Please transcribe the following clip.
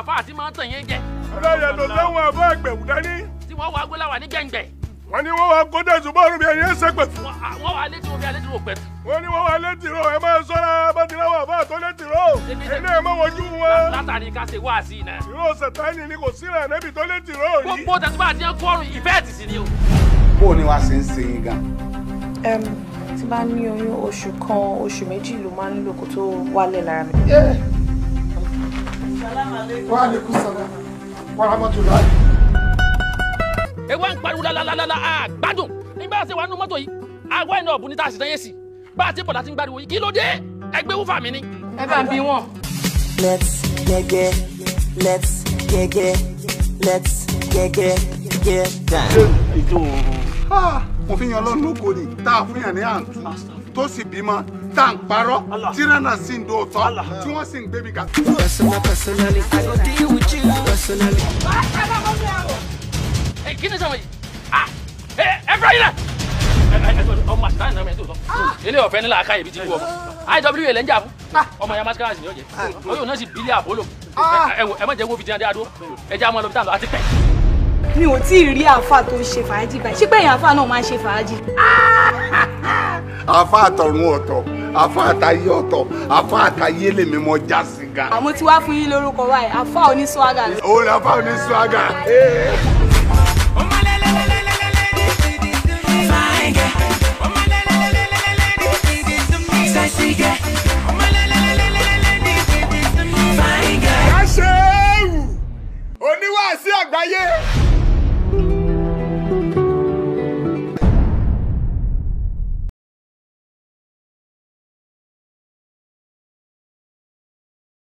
àwọn àfáà tí máa ń tàn yẹn jẹ. ọlọ́yẹ ló lẹ́wọ̀n àbọ̀ ẹgbẹ̀rún dání. tí wọ́n wá gbéláwà ní gbẹ̀ngbẹ̀. wọ́n ní wọ́n wá kódà ṣùgbọ́n bí ẹni ẹsẹ̀ pẹ̀tù. Ah, wọ́n wá létí omi alétí òpẹ̀. wọ́n ní wọ́n wá létí rọ ẹ máa sọ́ra abátiláwọ̀ àbá àtọ́ létí rọ. ilé ẹ̀ máa wọn. látàrí ká ṣe tí bá ní oyún oṣù kan oṣù méjì ló máa ń lò kó tó wálẹ̀ lára mi wa aleykum ń pariwo lalalala a nígbà tí wàá nu mọ́tò yìí àwa ẹ̀ náà ní tá a sì tán sí bá a ti bọ̀ láti ń gbariwo yìí kí ló dé ẹgbẹ́ wúfà mi ni. ẹ bá bí wọn. let's gẹ́gẹ́ let's gẹ́gẹ́ let's gẹ́gẹ́ gẹ́gẹ́ down kò fi yan lọ́nà oko ni tá a fún yàn ní àǹtú tó sì bímọ tá à ń parọ́ tí nana sì ń do ọ̀tọ́ tí wọ́n sì ń gbé mi ga. personal personally I go deal with you ọmọ àti táyà lẹ́ ń jà fún ah. ọmọ ya mascara sì ni ó jẹ ah. náà sì bílíà àbólò ah. ẹ wọ ẹ jẹ́ wo fìdí adé adó ẹ jẹ́ àwọn ọlọ́bí tá à lọ àti pẹ́ mi ò tí ì rí àáfà tó ń ṣe fàájì báyìí ṣé pẹ̀yìn àáfà náà máa ń ṣe fàájì. àáfà àtọ̀run ọ̀tọ̀ àáfà àtayé ọ̀tọ̀ àáfà àtayé lèmi mọ já sí ga. àmọ́ tí wàá fún yín lórúkọ wáyé àáfà oníṣúágà. òun àáfà oníṣúágà.